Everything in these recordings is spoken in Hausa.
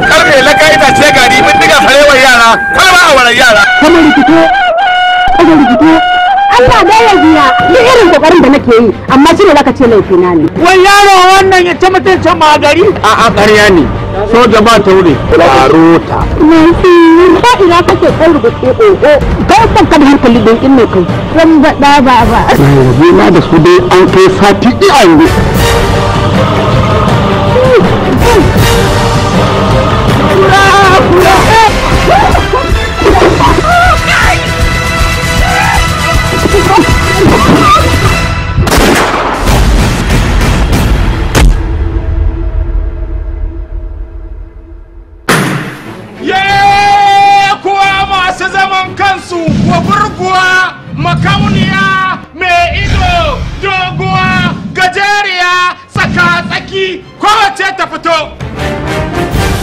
karfe laka itace gari bindiga farewar yara kalma a warar yara kamar rikito kamar rikito Allah da ya biya ni irin kokarin da nake yi amma shi ne zaka ce laifi na ne wai yaro wannan ya ce mutuncin ma gari a a ƙarya ne soja ba taure barota nafi ba ina kake kai rubuce ƙoƙo kai san ka hankali don kin ne kai ran ba ba ba na rabu na da su dai an kai sati a yanzu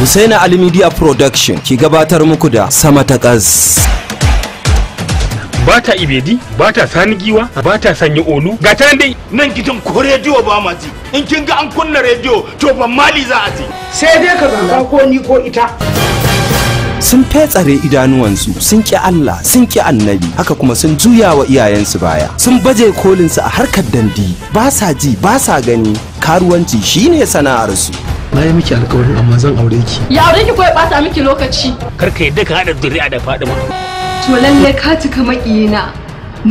Husaina Ali Media Production ki gabatar muku da Sama Ba ta ibedi, ta sani giwa, ta sanyi olu, ga ta dai. Nan gidan ko rediyo ba ma ji, in kin ga an kunna rediyo to ban mali za a ji. Sai dai ka zanga ko ni ko ita. sun fetsare idanuwansu sun ƙi Allah sun ƙi annabi haka kuma sun juya wa iyayensu baya sun baje kolinsu a harkar dandi ba sa ji ba sa gani karuwanci shine sana'arsu na yi miki alkawarin amma zan aure ki ya aure ki ko ya bata miki lokaci kar ka yadda ka hada zuri'a da ma. to lalle ka tuka makiyina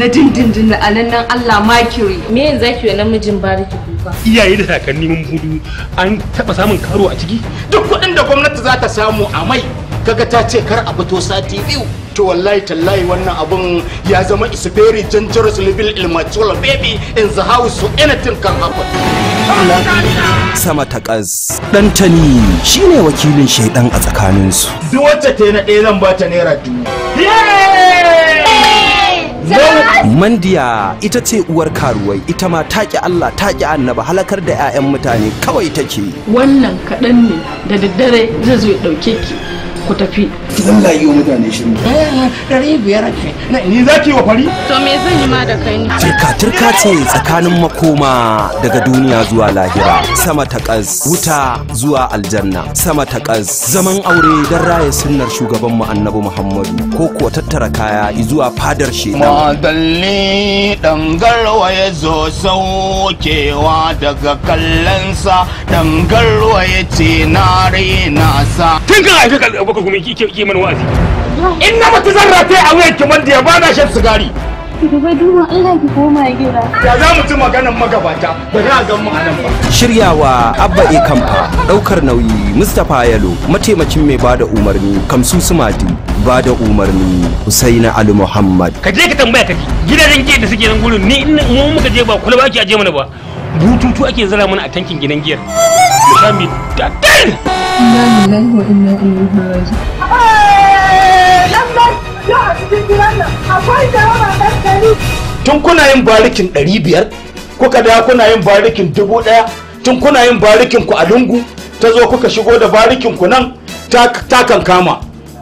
na dindindin na alannan Allah makiri me yanzu zaki wa namijin bariki kuka iyaye da kakanni mun budu an taba samun karo a ciki duk kuɗin da gwamnati za ta samu a mai kaga ta ce kar a fito sati biyu to wallahi tallahi wannan abun ya zama is very dangerous level immature baby in the house so anything can happen sama ta dantani shine wakilin shaidan a tsakanin su duk wacce ta na ɗaya zan ba ta naira dubu Mandiya ita ce uwar karuwai ita ma taƙi Allah taƙi annaba halakar da 'ya'yan mutane kawai take. Wannan kaɗan ne da daddare zai zo ya ki ku tafi Allah yi wa mutane shirin eh, ɗari biyar ake ni za ki wa fari to me zan yi ma da kai ni turka ce tsakanin makoma daga duniya zuwa lahira sama ta ƙas wuta zuwa aljanna sama ta ƙas zaman aure don raya sunnar shugaban mu annabi muhammadu ko kuwa tattara kaya zuwa fadar shi madalli dangarwa ya zo saukewa daga kallonsa dangarwa ya ce na rena sa tun kan abubakar gumi ki ki mana wa'azi in na mutu zan rataye a wuyan ki wanda ya bana shan sigari Dubai duma Allah ki koma gida. Ya za mu ci maganan magabata ba za a gan mu anan ba. Shiryawa Abba E Kamfa ɗaukar nauyi mustafa Yalo mataimakin mai bada umarni Kamsu Sumadi bada umarni Husaina Ali Muhammad. Ka je ka tambaya ka ji gidajen giya da suke nan gurin ni in mu muka je ba kula ba ki aje mana ba. Bututu ake zara mana a tankin gidan giyar. Mu sha mi da inna lillahi wa inna ilaihi tun kuna yin barikin 500 kuka da kuna yin barikin 1000 tun kuna yin barikin ku a lungu ta zo kuka shigo da barikin ku nan ta kan kama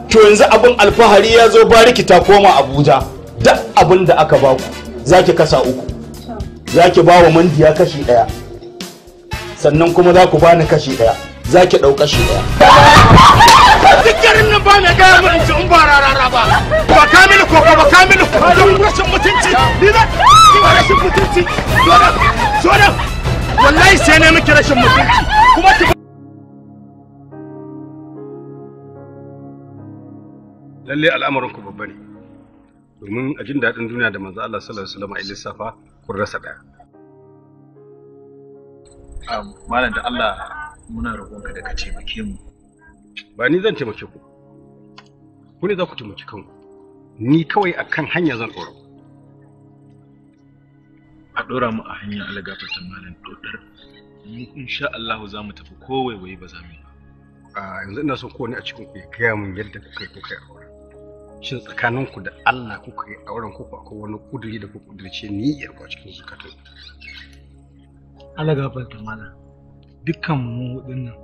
to yanzu abin alfahari ya zo bariki ta koma abuja da abin da aka baku za ki kasa uku za ki ba wa mandiya kashi ɗaya sannan kuma za ku bani kashi ɗaya za ki ɗauka shi ɗaya. Duk garin nan ba mai gaya mun ci in ba rarara ba. Ba ka mini ko ba ka mini ko don rashin mutunci. Ni za ki rashin mutunci. Zo nan, zo nan. Wallahi sai ne miki rashin mutunci. Kuma ki Lallai al'amarin ku babba ne. Domin a jin daɗin duniya da manzo Allah sallallahu alaihi wasallam a lissafa kun rasa ɗaya. Malam da Allah muna roƙonka da ka taimake mu ba ni zan taimake ku ku ne za ku taimaki kanku ni kawai akan hanya zan ɗora a ɗora mu a hanyar algafarta malam ɗoɗar mu insha Allah za mu tafi kowai wai ba za mu yi ba a yanzu ina son kowane a cikin ku ya gaya min yadda kuka yi kuka yi auren shin tsakaninku da Allah kuka yi auren ku akwai wani kuduri da ku kudurce niyyar ku cikin zukatun Allah gafarta malam dukkan mu hudun nan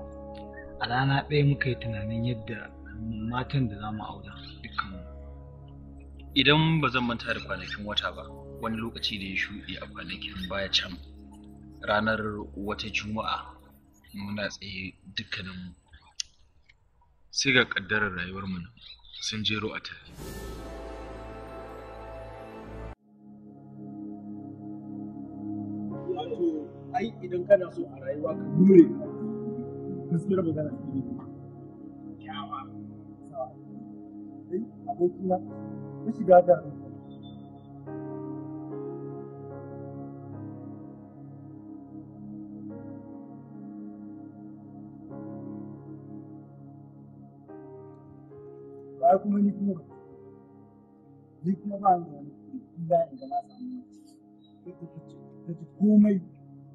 a rana ɗaya muka yi tunanin yadda matan da za mu aura dukkan mu idan ba zan manta da kwanakin wata ba wani lokaci da ya shuɗe a kwanakin baya can ranar wata juma'a muna tsaye dukkanin sai ga ƙaddarar rayuwar mu sun jero a tare ai idan kana so a rayuwa ka dure gaskiyar magana ta ne kyawa abokina ya shiga da ba kuma ni kuma ni kuma ba ni da na samu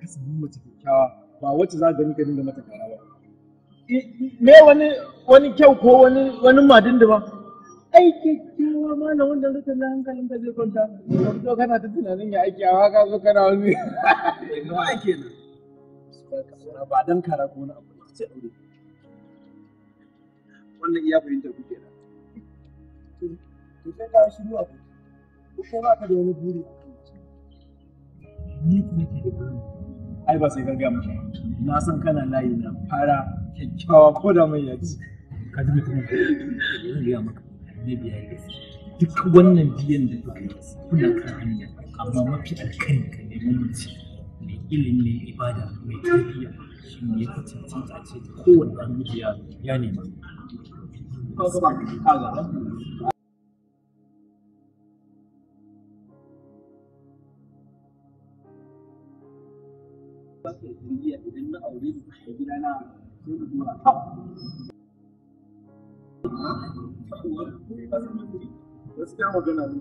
ka samu mace kyakkyawa ba wacce za ka gani ka dinga mata kara ba me wani wani kyau ko wani wani madin da ba ai kyakkyawa ma na wanda rukun na hankalin ka zai kwanta ka kana ta tunanin ya aiki a ka zo kana wani ba ake ba dan kara ko wani abu ce aure wannan iya fahimtar kuke da to sai ka shiru abu ko ba ka da wani buri ni kuma ke da buri ai ba sai ka gaya mishi na san kana layi na fara kyakkyawa ko da mai yaji ka ji mutum zan maka ne biya ya duk wannan biyan da kuka yi kuna kan hanya amma mafi alkari ka nemi mace mai ilimi mai ibada mai tafiya shi ne ya cancanta ce kowanne annabi ya nema ba ka tarbiyya idan na aure da kuka gida na sai na zuwa gaskiya magana ne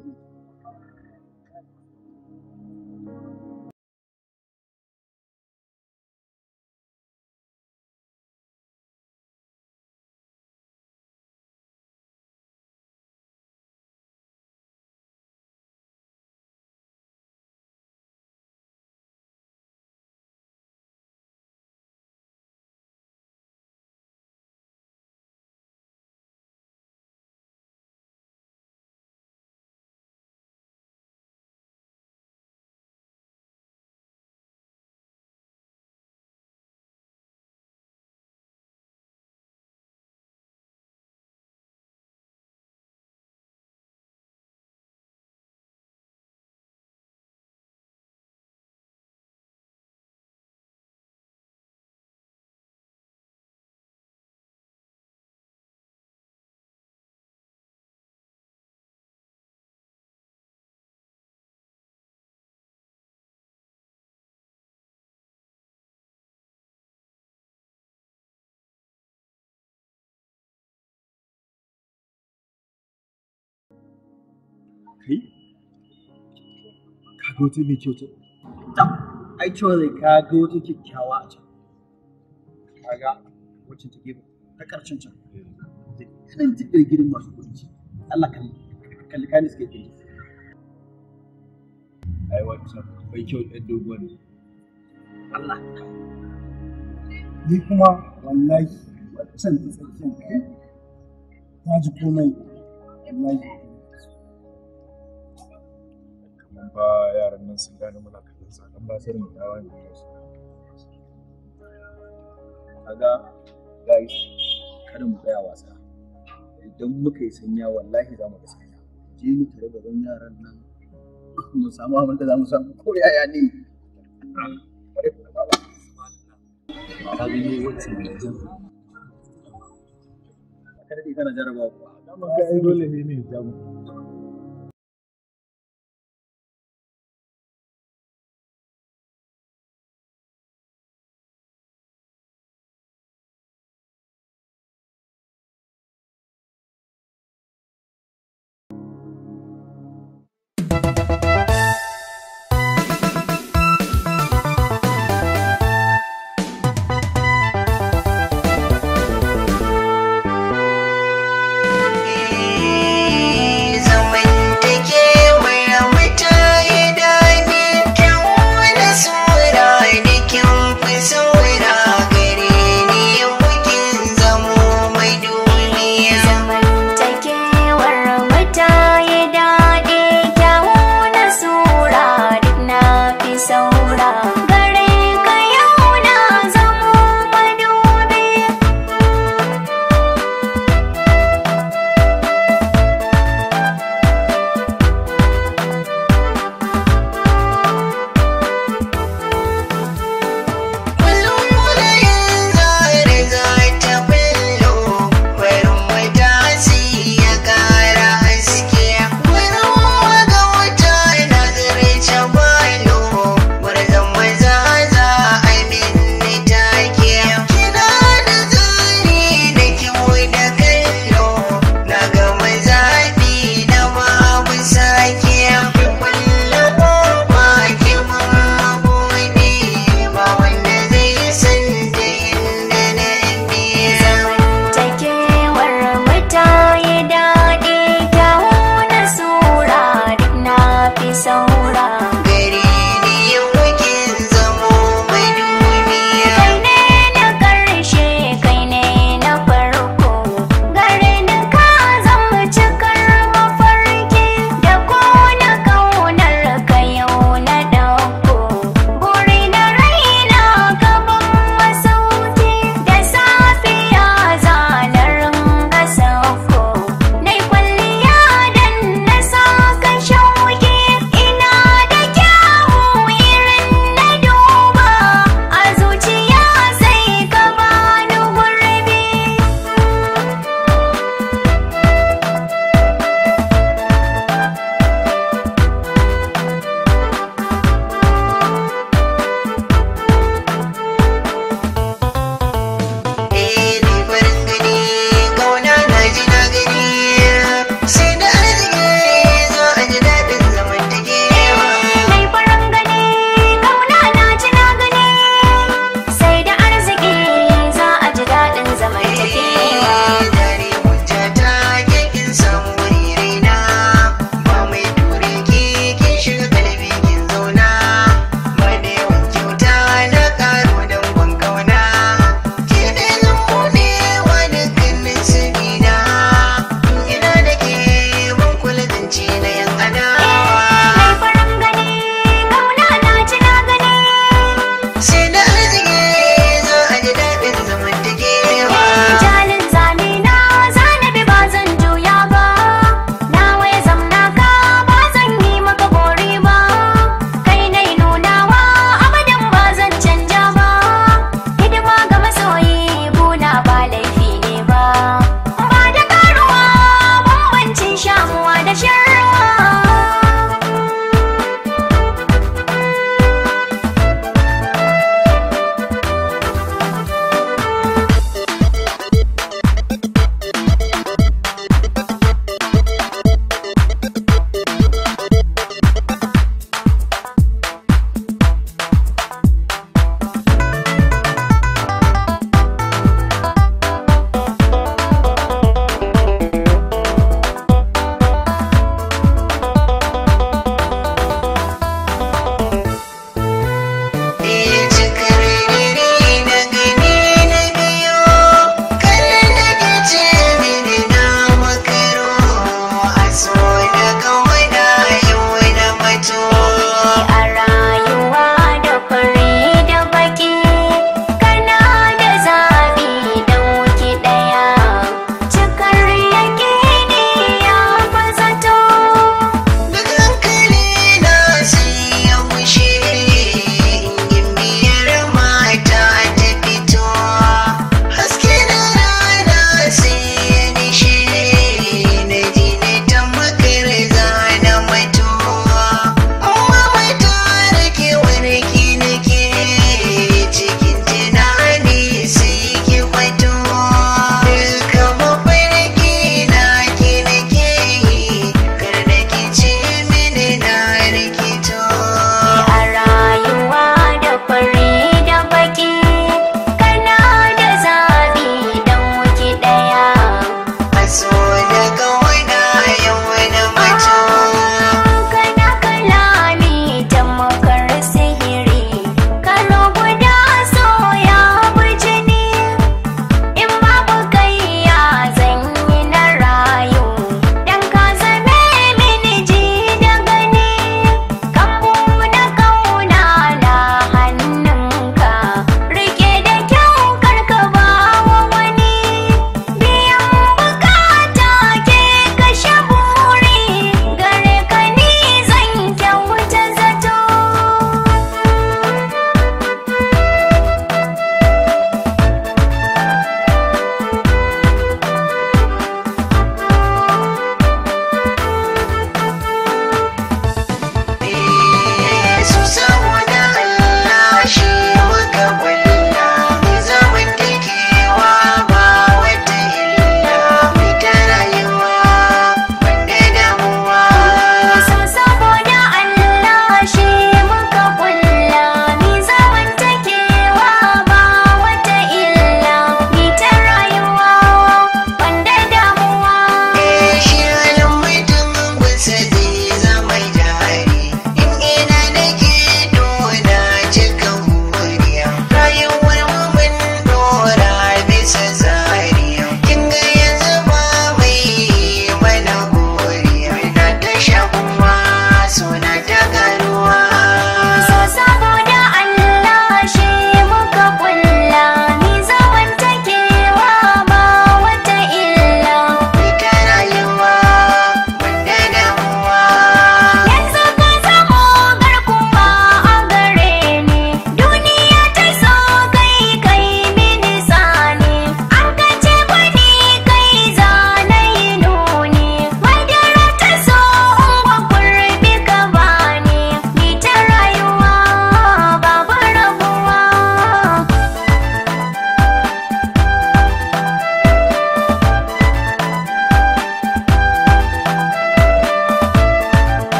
kai ka ga mai kyau ta ai ka kyakkyawa a can ka ga wacce ta gefe ta karshen can irin jikin gidan masu kudi Allah kan kalli kani suke ai wacce kyau ɗan dogon Allah ni kuma wallahi waccan ta tsakiyar kai ta ji komai wallahi nan ba yaran nan sun gane muna kallon sa nan ba sai mu dawo ne su kaga guys kada mu tsaya wasa idan muka yi sanya wallahi za mu ga sanya je mu tare da yaran nan mu samu abin da za mu samu ko yaya ne Kada ka yi kana jarabawa ba dama ga dole ne ne jamu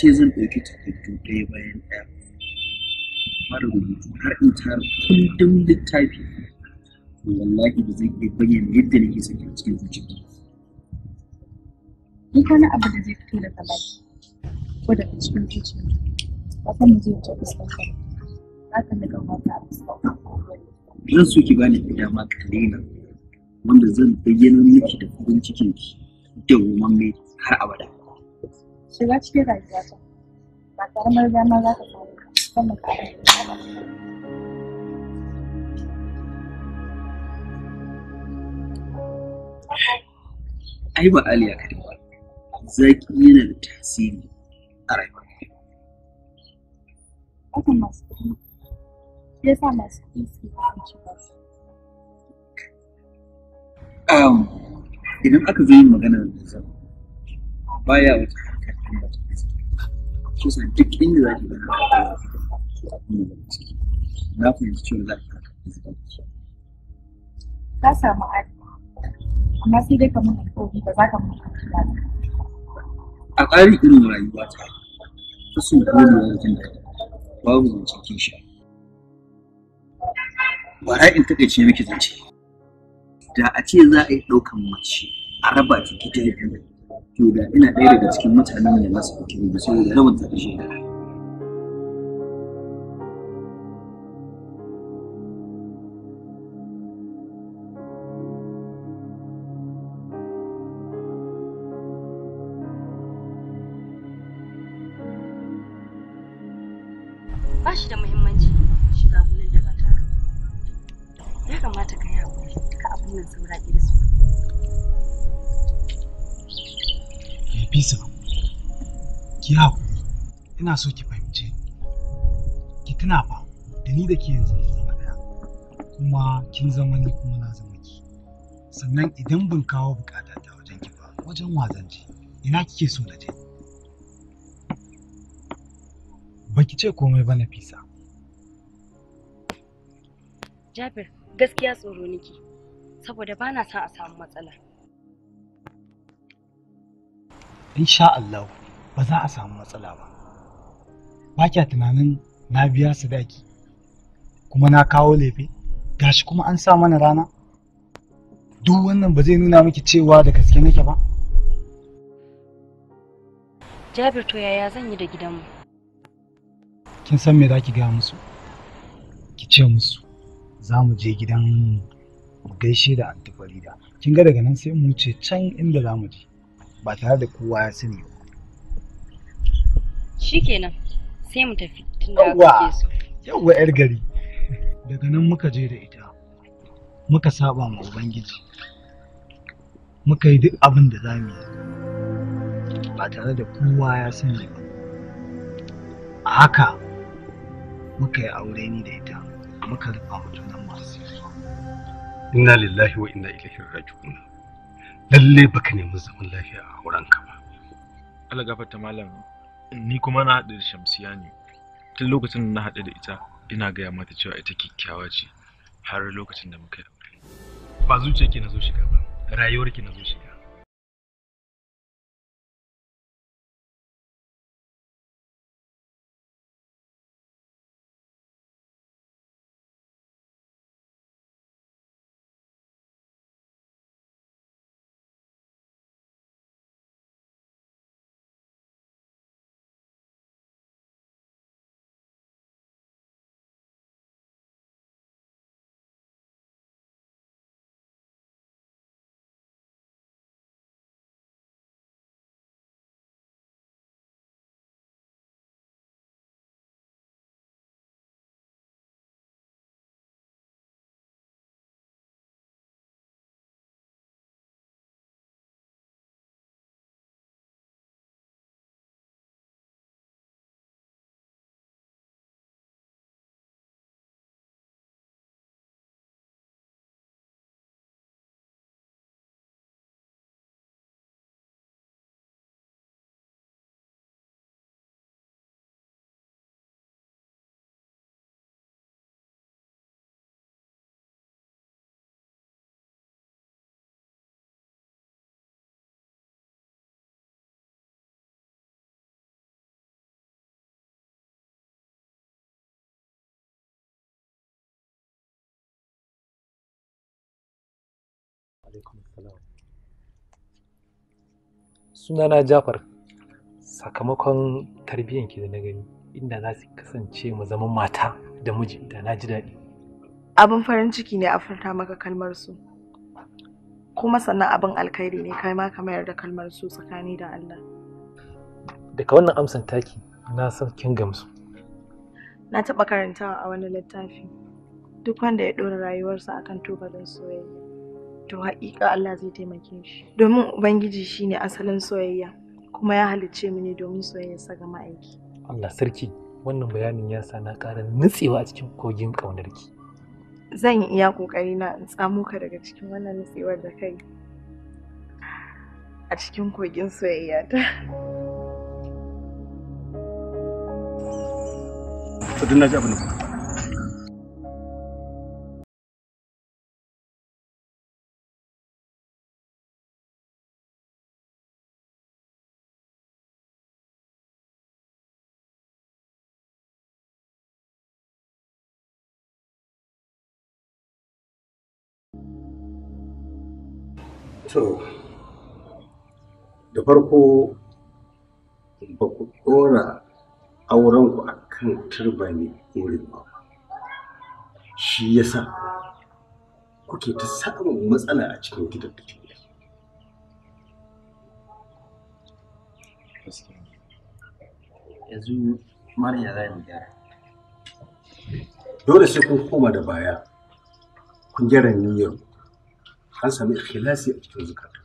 ce zan ɗauki takardu ɗaya bayan ɗaya fara rubutu har in tara kundin littafi to wallahi ba zan iya bayyana yadda nake sake a cikin zuciya duk wani abu da zai fito daga baki ko daga cikin zuciya ba san zai wuce ba ka daga wata a fuskantar zan so ki bani da dama kalina wanda zan bayyana miki da farin cikin ki da woman mai har abada shiga cikin rayuwa ta ba karamar dama za ka samu kan makarar ai ba Ali kaɗai ba zaki yana da tasiri a rayuwa hakan masu kuɗi ya sa masu kuɗi su yi kwanci ba su idan aka zo yin magana da zan ya wuce shi sa duk inda za ki ga na fahimci cewa za ki ga ka samu aiki amma sai dai kamar alkawari ba za ka mun a tsari irin rayuwa ta ta so daɗi babu zancen kishi ba ra'in taƙaice miki zance da a ce za a yi ɗaukan mace a raba ta gida biyu كذا الى دائره تكلمتها من الله سبحانه وتعالى لو انت تجي ina so ki fahimce ki tuna fa da ni da ke yanzu ni zama daya kuma kin zama ni kuma na zama ki sannan idan ban kawo bukata ta wajen ki ba wajen wazan ina kike so na je baki ce komai ba na fisa Jabir gaskiya tsoro niki saboda ba na son a samu matsala insha Allah ba za a samu matsala ba ba kya tunanin na biya sadaki kuma na kawo lefe gashi kuma an sa mana rana duk wannan ba zai nuna miki cewa da gaske nake ba jabir to yaya zan yi da gidanmu kin san me za ki gaya musu ki ce musu za mu je gidan mu gaishe da antifarida kin ga daga nan sai mu ce can inda za mu je ba tare da kowa ya sani ba shikenan sai mu tafi da kake so yawwa yar gari daga nan muka je da ita muka saba ma ubangiji muka yi duk abin da za mu yi ba tare da kowa ya sani ba a haka muka yi aure ni da ita muka rufa mutum nan masu inna lillahi wa inna ilaihi raji'un lalle baka nemi zaman lafiya a aurenka ba Allah gafarta malam ni kuma na haɗu da shamsiya ne tun lokacin da na haɗu da ita ina gaya mata cewa ita kyakkyawa ce har lokacin da muka yi ba zuciya ke na zo shiga ba rayuwar ke na zo shiga sunana jafar sakamakon tarbiyyar tarbiyyanki da na gani inda za su kasance mu zama mata da miji da na ji daɗi abin farin ciki ne a furta maka kalmar su kuma sannan abin alkhairi ne kai ma ka mayar da kalmar su tsakani da Allah daga wannan amsan taki na san kin gamsu na taɓa karantawa a wani littafi duk wanda ya ɗora rayuwarsa akan tubalin soyayya to haƙiƙa Allah zai taimake shi domin ubangiji shine asalin soyayya kuma ya halicce mu ne domin soyayyarsa ga ma'aiki Allah sarki wannan bayanin ya sa na ƙara nutsewa a cikin kogin ƙaunarki zan yi iya ƙoƙari na in tsamo ka daga cikin wannan nutsewar da kai a cikin kogin soyayya ta to na ji abin da To, da farko ba ku ɗora aurenku a kan turbani wurin ba. Shi ya sa kuke ta samun matsala a cikin gidan da Yanzu Mariya za mu gyara. Dole sai kun koma da baya, kun gyara niyyarku. an sami ikhlasi a cikin zukata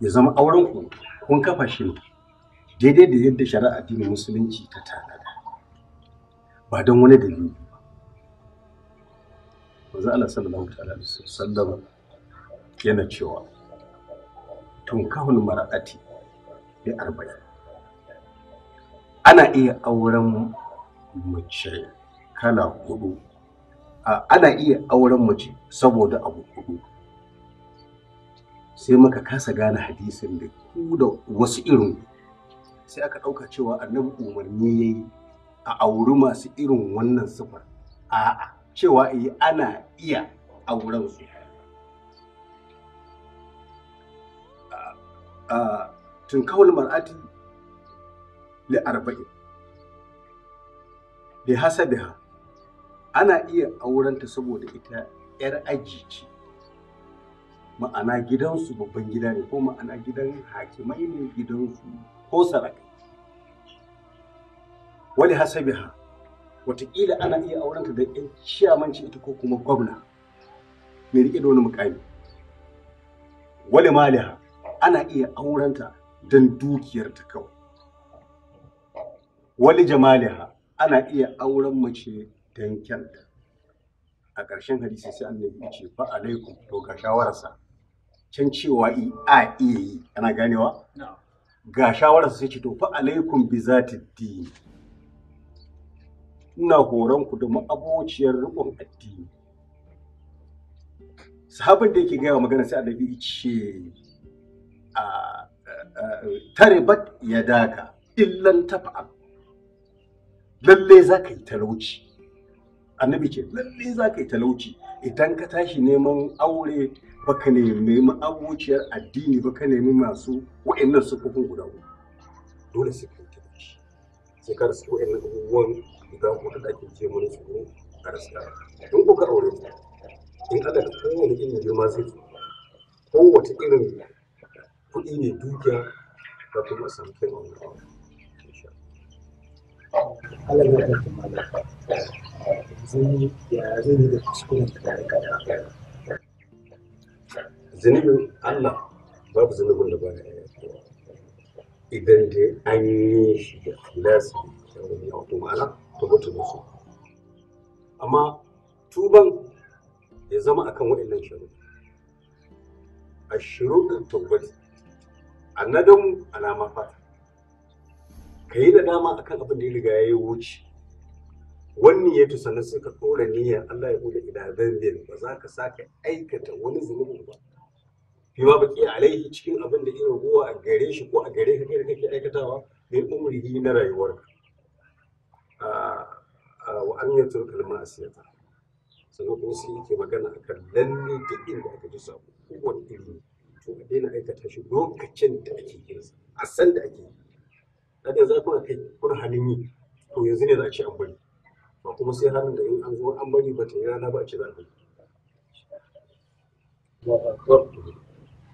ya zama auren ku kun kafa shi ne daidai da yadda shari'a addinin musulunci ta tanada ba don wani dalili ba manzo Allah sallallahu alaihi wasallam yana cewa tunkahul mar'ati bi arba'in ana iya auren mace kala hudu ana iya auren mace saboda abu hudu sai muka kasa gane hadisin da ku da wasu irin sai aka ɗauka cewa annabi umarni ya yi a auri masu irin wannan sifar a'a cewa yi ana iya auren su tun kawul mar'ati li arba'in bi hasabiha ana iya aurenta saboda ita 'yar aji ce ma'ana gidansu babban gida ne ko ma'ana gidan hakimai ne gidansu ko saraka wani ha watakila ana iya aurenta da yan ciyamanci ita ko kuma gwamna mai rike da wani mukami wani maliha ana iya aurenta don ta kawai wani jamaliha ana iya auren mace don kyanta a ƙarshen hadisi sai annabi ya ce fa alaikum to ga shawararsa can cewa a i ana ganewa ga shawarar sai ce to fa alaikum bi zati din ina horon ku da ma'abociyar rikon addini sahabin da yake gaya magana sai annabi ce a taribat ya daka illan tafa lalle za ka yi talauci annabi ce lalle za ka yi talauci idan ka tashi neman aure baka nemi abociyar addini baka nemi masu wa'annan sufufin guda uku dole su ka ta shi sai ka rasa wa'annan abubuwan guda uku da ake ce mana su a rasa don ko ka aure ta in aka da kowane irin girma sai su kowace irin kuɗi ne dukiya ka kuma san kai wani aure Allah ya ba ɗauki malaka. Zan yi da kuskuren da ka ya kada. zunubin Allah babu zunubin da ba ya yafewa idan dai an yi shi da ikhlasi da wani wato ma'ana ta mutu da su amma tuban ya zama akan waɗannan sharuɗi a tabbat A annadin alama fata ka yi da dama akan abin da ya riga ya yi wuce wannan ya tusa na ka ɗora niyyar Allah ya bude idanun ba za ka sake aikata wani zunubin ba bima baki alaihi cikin abin da irin ruwa a gare shi ko a gare ka kai da kake aikatawa min umrihi na rayuwarka ah, ah, wa an yi turkar ma'asiyata sannan kuma sun yake magana a kan lalle duk inda aka ji sabo wani iri to a daina aikata shi lokacin da ake yin a san da ake yi a da za ku kai kun halin yi to yanzu ne za a ci an bari ba kuma sai halin da yin an zo an bari ba ta yi rana ba a ce za a bari.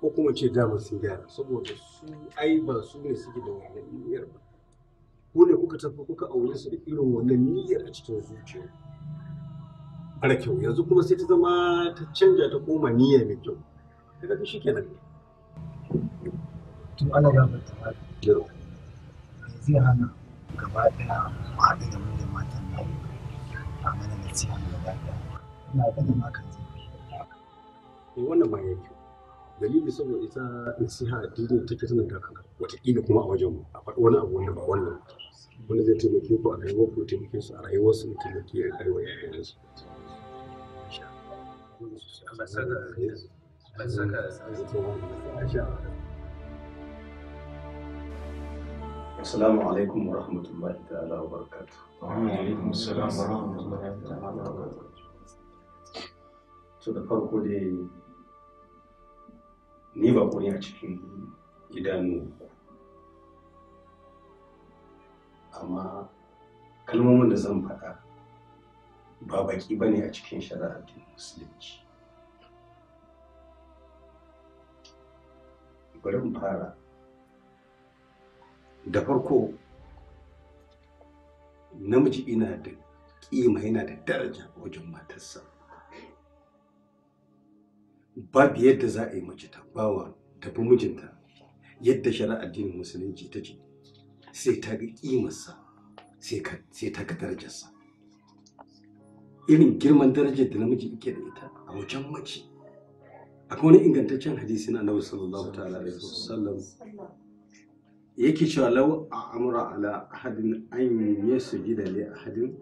ko kuma ce dama sun gyara saboda su ai ba su ne suke da wannan niyyar ba Ko ne kuka tafi kuka aure su da irin wannan niyyar a cikin zuciya mara kyau yanzu kuma sai ta zama ta canja ta koma niyya mai kyau daga shi kenan to ana ga mata zai hana gaba ɗaya mu haɗu da mu da matan nan a mana nasiha mai daɗi ina ganin hakan zai fi eh, wannan ma yake dalili saboda ita nasiha addini ke sanin da kana wataƙila kuma a wajen mu a faɗi wani abu wanda ba wannan wanda zai taimake ku a rayuwar ku taimake su a rayuwar su taimake a rayuwar yayin su Assalamu alaikum wa rahmatullahi ta'ala wa barakatu. Wa alaikum wa rahmatullahi ta'ala wa barakatu. To da farko dai ni ba ne a cikin idanu amma kalmomin da zan faɗa ba baki ba ne a cikin shari'ar musulunci bari in fara da farko namiji ina da ƙima yana da daraja wajen matarsa babu yadda za a yi mace ta bawa tafi mijinta yadda shara addinin musulunci ta ce sai ta ga kimarsa sai ta ga darajarsa irin girman darajar da namiji yake da ita a wajen mace akwai wani ingantaccen hadisi na annabi sallallahu ta'ala Ya sallam yake cewa a amura ala ahadin an yasjida a ahadin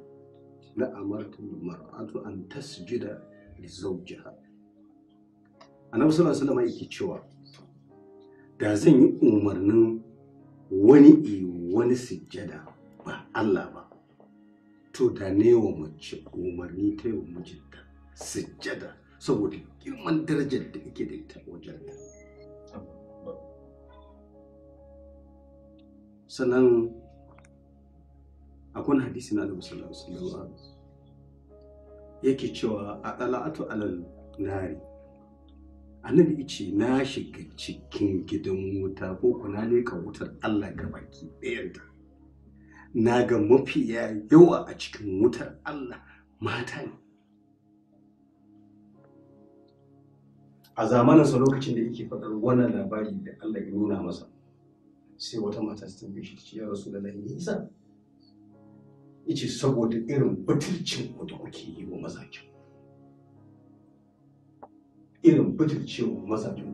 na mar'atu an tasjida li zawjiha annabi sallallahu alaihi wasallam yake cewa da zan yi umarnin wani i wani sujjada ba Allah ba to da ne wa mace umarni ta wa mijinta sujjada saboda girman darajar da yake da ita wajen ta sannan akwai hadisi na Annabi sallallahu alaihi wasallam yake cewa a qala'atu alal nari annabi ice na shiga cikin gidan wuta ko kuna leka wutar Allah ga baki ɗayanta na ga mafiya yawa a cikin wutar Allah mata ne a zamaninsa lokacin da yake faɗar wannan labari da Allah ya nuna masa sai wata mata ta tambaye shi ya rasu da lahi nisa ice saboda irin butulcin ku kuke yi wa mazakin irin bijircewa mazajen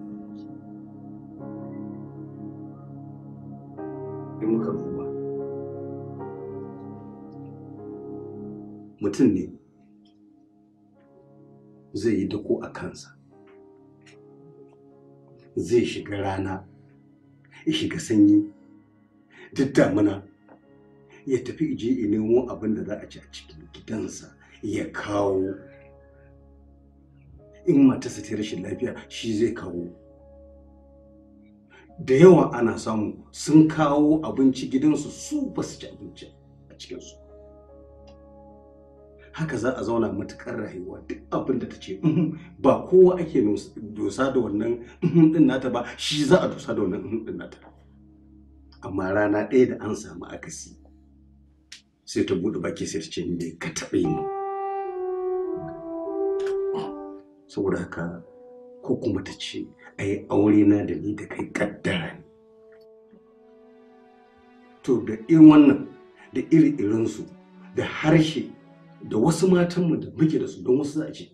in muka duba mutum ne zai yi dako a kansa zai shiga rana ya shiga sanyi duk damuna ya tafi ije ya nemo abin da za a ci a cikin gidansa ya kawo in mata ta rashin lafiya shi zai kawo da yawa ana samu sun kawo abinci gidansu su ba su ci abinci a cikinsu haka za a zauna matukar rayuwa duk abin da ta ce uhm, ba kowa ake dosa da wannan din uhm nata ba shi za a dosa da wannan din uhm nata amma rana ɗaya da an samu akasi sai ta buɗe baki sai ta ce me ka taɓa yi saboda haka ko kuma ta ce a yi aure na da ni da kai kaddara ne to da irin wannan da iri irinsu da harshe da wasu matanmu da muke da su don wasu za a ce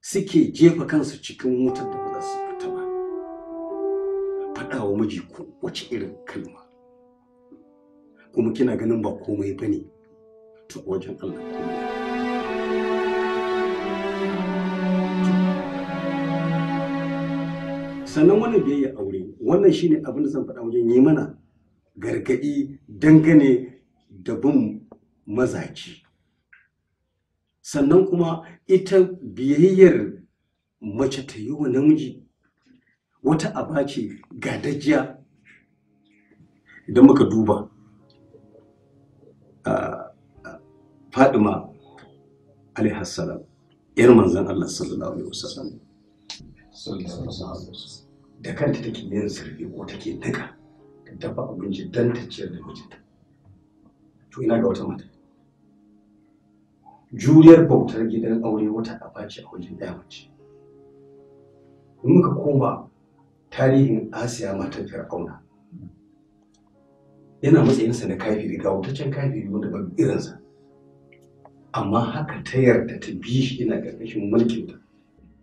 suke jefa kansu cikin wutar da ba za su fita ba faɗa wa miji ko wace irin kalma kuma kina ganin ba komai ba ne to wajen allah komai sannan wannan biyayya aure wannan shine abin da zan faɗa wajen yi mana gargaɗi dangane da bin mazaci sannan kuma ita biyayyar mace ta yi wa namiji wata aba ce gadajiya idan muka duba fadima alaihassalam 'yar manzan allah sallallahu alaihi wasallam da kanta take yin zargi ko take daga ta dafa abinci don ta ciyar da mijinta to ina ga wata mata juriyar bautar gidan aure wata aba ce a wajen ɗaya mace in muka koma tarihin asiya matar fir'auna yana matsayinsa na kafiri ga wutaccen kafiri wanda ba irinsa amma haka ta yarda ta bi shi yana ƙarƙashin mulkinta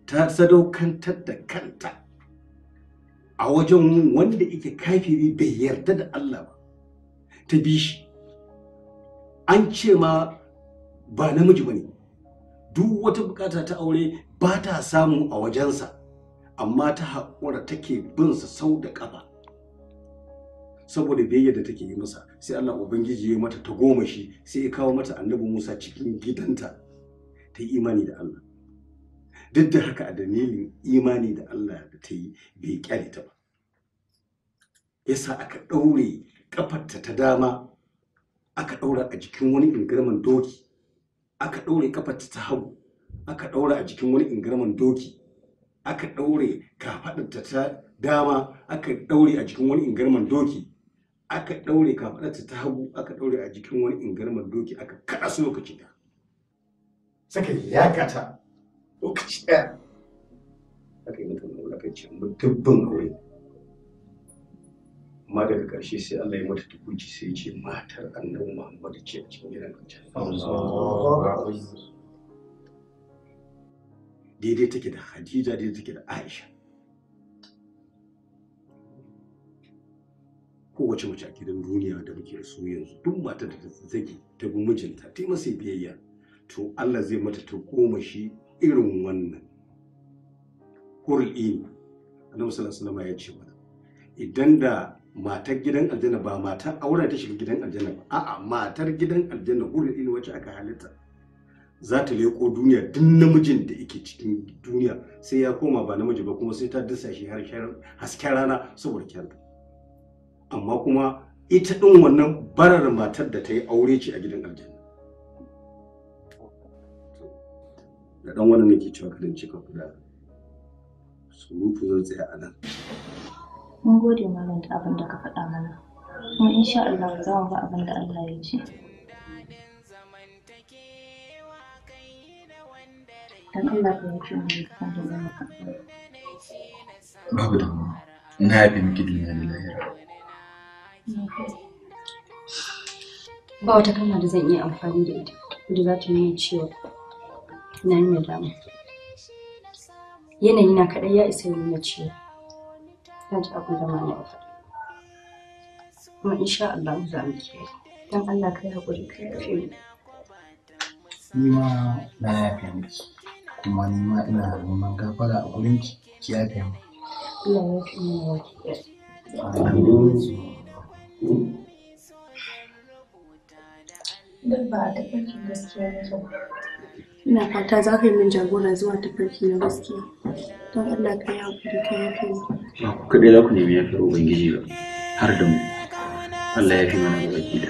ta sadaukantar da kanta a wajen wanda yake kafiri bai yarda da Allah ba ta bi shi an ce ma ba namiji ba ne duk wata bukata ta aure ba ta samu a wajensa amma ta haƙura take bin sau da ƙafa saboda biyayya da take yi masa sai Allah ubangiji ya mata ta goma shi sai ya kawo mata annabi Musa cikin gidanta ta yi imani da Allah duk da haka a dalilin imani da Allah da ta yi bai kyale ta ba yasa aka ɗaure ƙafarta ta dama aka ɗaura a jikin wani ingirman doki aka ɗaure ƙafarta ta hagu aka ɗaura a jikin wani ingirman doki aka ɗaure kafaɗarta ta dama aka ɗaure a jikin wani ingirman doki aka ɗaure kafaɗarta ta hagu aka ɗaure a jikin wani ingirman doki aka kaɗa su lokaci da saka yaƙata lokaci ɗaya aka yi mata amma sai Allah ya mata tukuci sai ce matar da Hadiza da Aisha kowace mace a gidan duniya da muke so yanzu duk matar da ta zage mijinta ta yi to Allah zai mata ta goma shi irin wannan hur'i annabi sallallahu alaihi ya ce mana idan da matar gidan aljanna ba matar aure ta shiga gidan aljanna ba a'a matar gidan aljanna hurri wacce aka halitta za ta leko duniya duk namijin da yake cikin duniya sai ya koma ba namiji ba kuma sai ta dasa shi har hasken rana saboda kyanta amma kuma ita din wannan barar matar da ta yi aure ce a gidan aljanna da dan wannan nake cewa kada cika su surutu zan tsaya a nan mun gode malam da abin da ka faɗa mana kuma insha Allah za mu ga abin da Allah ya ce dan Allah ka yi shi kan da zama ka babu damuwa na yafe miki duniya da lahira ba wata kalma da zan iya amfani da ita da za ta nuna cewa tunanin ya damu yanayi na kaɗai ya isa yi na ciwo zan ji abin da ma na faɗi kuma insha Allah za mu kiyaye dan Allah kai haƙuri kai yafe mu ni ma na yafe miki kuma ni ma ina neman gafara a gurin ki ki yafe mu Allah ya fi mu wa ki Dabba a taɓa gaskiya ne ba. Ina fata za ka yi min jagora zuwa tafarki na gaskiya. Don Allah ka yi haƙuri ka yafe ni. Ba ku kaɗai za ku nemi yafiyar Ubangiji ba, har da mu. Allah ya fi mana gaba gida.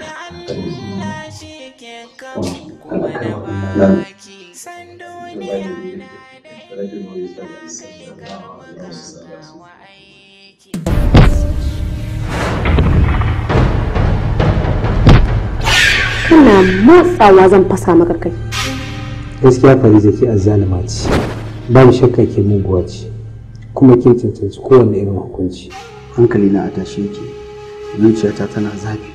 Kana motsawa zan fasa maka kai. gaskiya fariza ke azzalima ce babu shakka ke muguwa ce kuma kin cancanci kowanne irin hukunci hankali na a tashe yake zuciyata tana zafi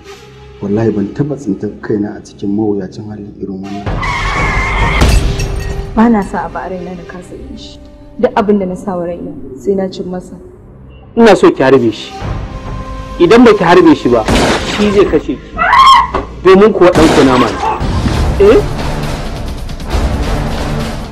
wallahi ban taba tsinta kaina a cikin mawuyacin halin irin wannan ba na sa abu a raina da kasa yin shi duk abin da na sa wa raina sai na cin masa ina so ki harbe shi idan ba ki harbe shi ba shi zai kashe ki domin kuwa ɗan kunama ne eh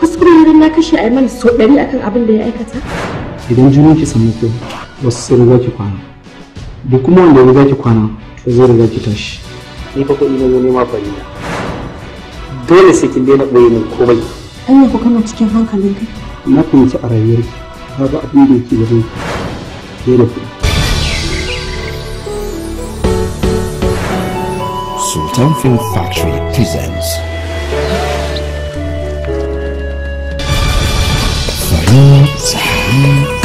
kuskure ne na kashe a yi mana so ɗari akan abin da ya aikata idan jinin ki samu ko wasu sai riga ki kwana duk kuma wanda ya riga ki kwana to zai riga ki tashi ni fa kuɗi na zo nema na dole sai kin daina ɓoye min komai hanya ku kama cikin hankalin kai na fahimci a rayuwar ki babu abin da yake gaban ki da kuɗi Sultan Film Factory presents 在。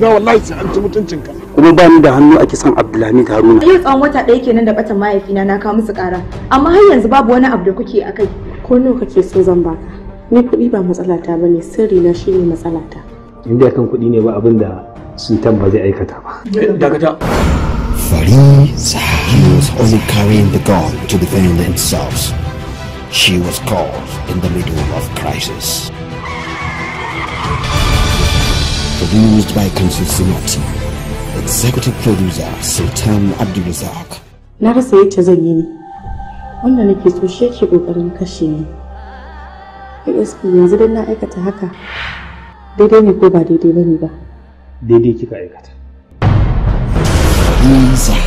shiga wallahi sai an ci mutuncin ka kuma ba ni da hannu a kisan Abdulhamid Haruna yau tsawon wata ɗaya kenan da batan mahaifina na kawo musu ƙara amma har yanzu babu wani abu da kuke a kai. ko nawa kake so zan baka ni kuɗi ba matsalata ne sirri na shi ne matsalata dai kan kuɗi ne ba abin da sun ba zai aikata ba dakata Farisa was only carrying the gun to defend themselves. She was caught in the middle of crisis. Produced by Council Sinati. Executive Producer Sultan Abdulrazak. Na rasa yadda zan yi ne. Wanda nake so shi yake kokarin kashe ni. ASP yanzu dan na aikata haka. Daidai ne ko ba daidai bane ba? Daidai kika aikata. Producer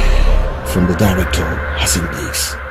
from the director Hassan Biggs.